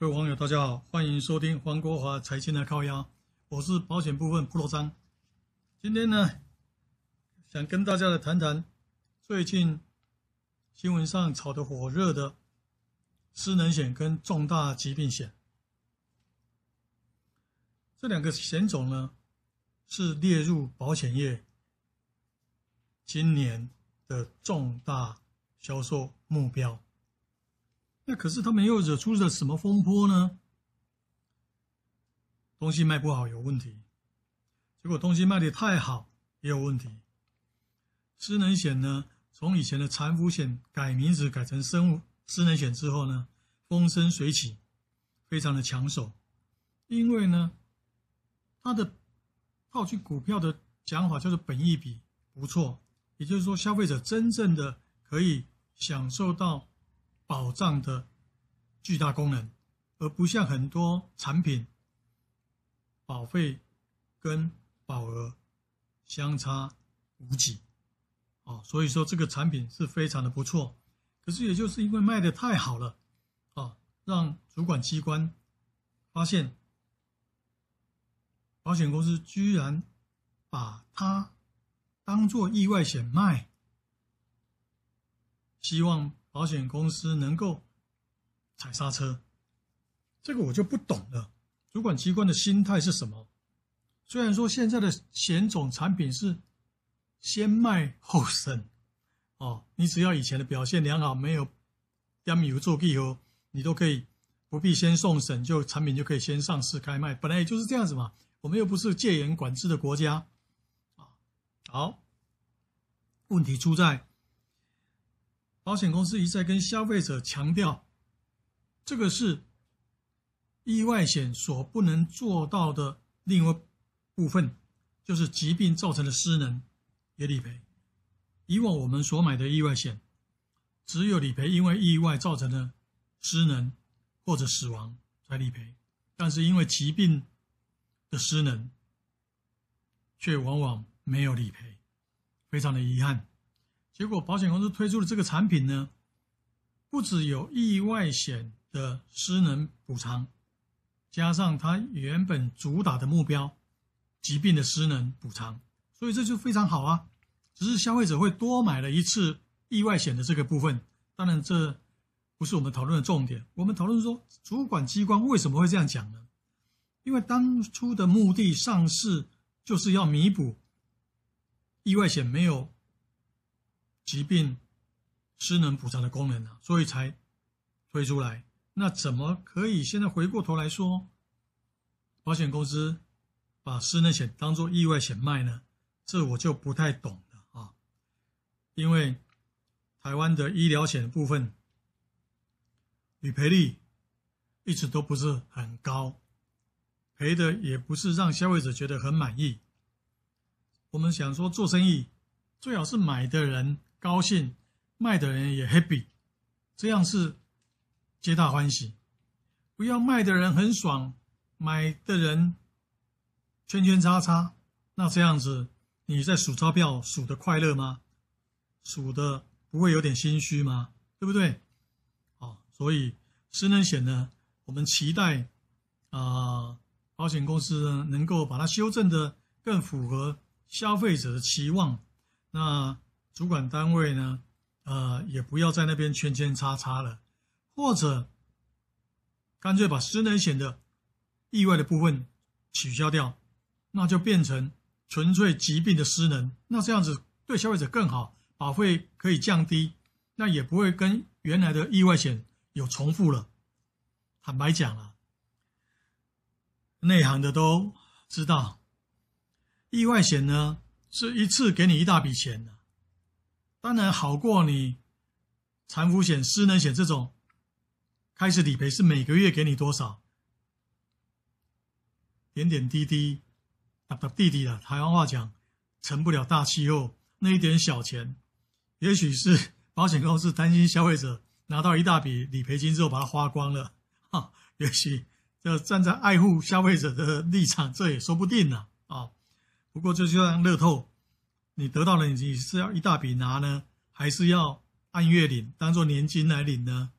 各位網友，大家好，歡迎收聽黃國華財經的靠腰。我是保險部分 Pro Chang。今天呢，想跟大家來談談最近新聞上炒得火熱的失能險跟重大疾病險。這兩個險種呢，是列入保險業今年的重大銷售目標。那可是，他們又惹出了什麼風波呢？東西賣不好有問題，結果東西賣的太好也有問題。失能險呢，從以前的殘扶險改名字改成生物失能險之後呢，風生水起，非常的搶手。因為呢，它的套去股票的講法就是本益比不錯，也就是說消費者真正的可以享受到保障的巨大功能，而不像很多產品，保費跟保額相差無幾，哦，所以說這個產品是非常的不錯。可是也就是因為賣的太好了，哦，讓主管機關發現，保險公司居然把它當做意外險賣，希望保險公司能夠。踩剎車，這個我就不懂了。主管機關的心態是什麼？雖然說現在的險種產品是先賣後審，哦，你只要以前的表現良好，沒有加米油作弊哦，你都可以不必先送審，就產品就可以先上市開賣。本來也就是這樣子嘛，我們又不是戒嚴管制的國家啊。好，問題出在保險公司一再跟消費者強調。這個是意外險所不能做到的，另外部分就是疾病造成的失能也理賠。以往我們所買的意外險，只有理賠因為意外造成的失能或者死亡才理賠，但是因為疾病的失能卻往往沒有理賠，非常的遺憾。結果保險公司推出的這個產品呢，不只有意外險的失能補償，加上他原本主打的目標疾病的失能補償，所以這就非常好啊。只是消費者會多買了一次意外險的這個部分，當然這不是我們討論的重點。我們討論說主管機關為什麼會這樣講呢？因為當初的目的上市就是要彌補意外險沒有疾病失能補償的功能啊，所以才推出來。那怎麼可以？現在回過頭來說，保險公司把失能險當做意外險賣呢？這我就不太懂了啊！因為台灣的醫療險的部分，理賠率一直都不是很高，賠的也不是讓消費者覺得很滿意。我們想說，做生意最好是買的人高興，賣的人也 happy，這樣是。皆大歡喜，不要賣的人很爽，買的人圈圈叉叉，那這樣子你在數鈔票數得快樂嗎？數得不會有點心虛嗎？對不對？好，所以失能險呢，我們期待啊、呃，保險公司呢能夠把它修正的更符合消費者的期望，那主管單位呢，呃，也不要在那邊圈圈叉叉了。或者乾脆把失能險的意外的部分取消掉，那就變成純粹疾病的失能，那這樣子對消費者更好，保費可以降低，那也不會跟原來的意外險有重複了。坦白講了啊，內行的都知道，意外險呢是一次給你一大筆錢的，當然好過你殘廢險、失能險這種。開始理賠是每個月給你多少？點點滴滴，打打滴滴的。台灣話講，成不了大氣候。那一點小錢，也許是保險公司擔心消費者拿到一大筆理賠金之後把它花光了，哈、啊，也許要站在愛護消費者的立場，這也說不定了啊。不過這就像樂透，你得到了你是要一大筆拿呢，還是要按月領，當做年金來領呢？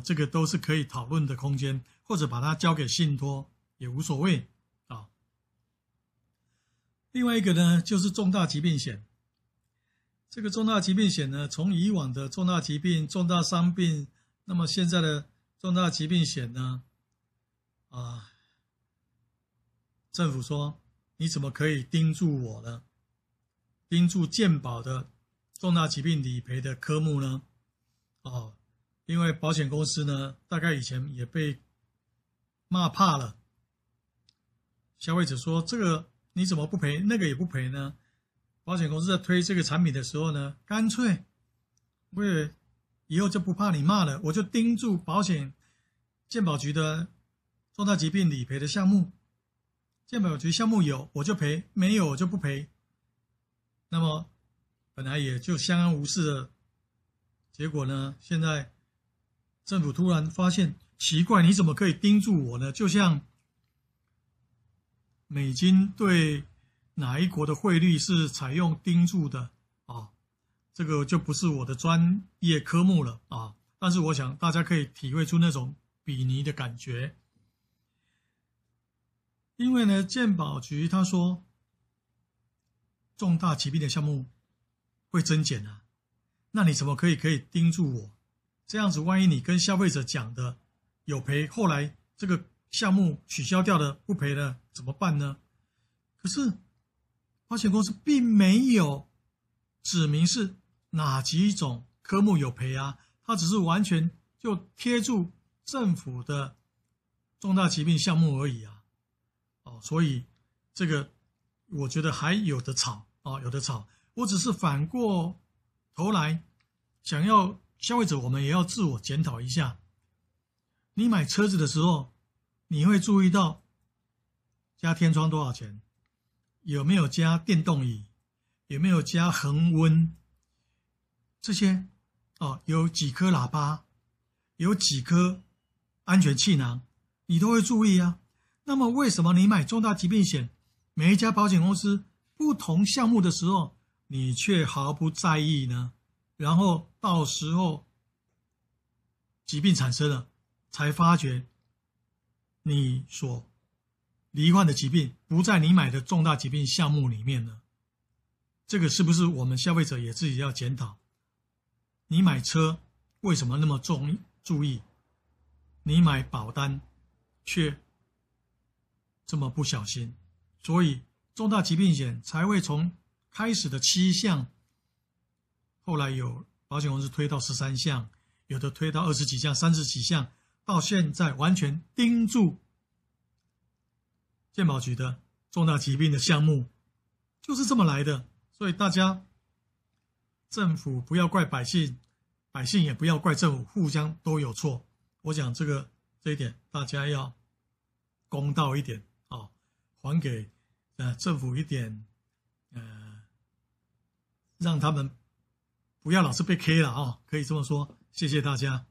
這個都是可以討論的空間，或者把它交給信托也無所謂啊。另外一個呢，就是重大疾病險。這個重大疾病險呢，從以往的重大疾病、重大傷病，那麼現在的重大疾病險呢，啊，政府說你怎麼可以盯住我呢？盯住健保的重大疾病理賠的科目呢？哦。因為保險公司呢，大概以前也被罵怕了。消費者說：“這個你怎麼不賠？那個也不賠呢？”保險公司在推這個產品的時候呢，乾脆，我以為以後就不怕你罵了，我就盯住保險健保局的重大疾病理賠的項目，健保局項目有我就賠，沒有我就不賠。那麼本來也就相安無事的結果呢，現在。政府突然發現奇怪，你怎麼可以盯住我呢？就像美金對哪一國的匯率是採用盯住的啊？這個就不是我的專業科目了啊。但是我想大家可以體會出那種比擬的感覺，因為呢，健保局他說重大疾病的項目會增減啊，那你怎麼可以可以盯住我？這樣子，萬一你跟消費者講的有賠，後來這個項目取消掉了不賠了，怎麼辦呢？可是保險公司並沒有指明是哪幾種科目有賠啊，它只是完全就貼住政府的重大疾病項目而已啊。哦，所以這個我覺得還有的吵，啊、哦，有的吵，我只是反過頭來想要。消費者，我們也要自我檢討一下。你買車子的時候，你會注意到加天窗多少錢，有沒有加電動椅，有沒有加恆溫，這些哦，有幾顆喇叭，有幾顆安全氣囊，你都會注意啊。那麼，為什麼你買重大疾病險，每一家保險公司不同項目的時候，你卻毫不在意呢？然後到時候疾病產生了，才發覺你所罹患的疾病不在你買的重大疾病項目裡面呢。這個是不是我們消費者也自己要檢討？你買車為什麼那麼重注意，你買保單卻這麼不小心，所以重大疾病險才會從開始的七項。後來有保險公司推到十三項，有的推到二十幾項、三十幾項，到現在完全盯住健保局的重大疾病的項目，就是這麼來的。所以大家政府不要怪百姓，百姓也不要怪政府，互相都有錯。我講這個這一點，大家要公道一點，好，還給呃政府一點，呃，讓他們。不要老是被 K 了齁，可以這麼說，謝謝大家。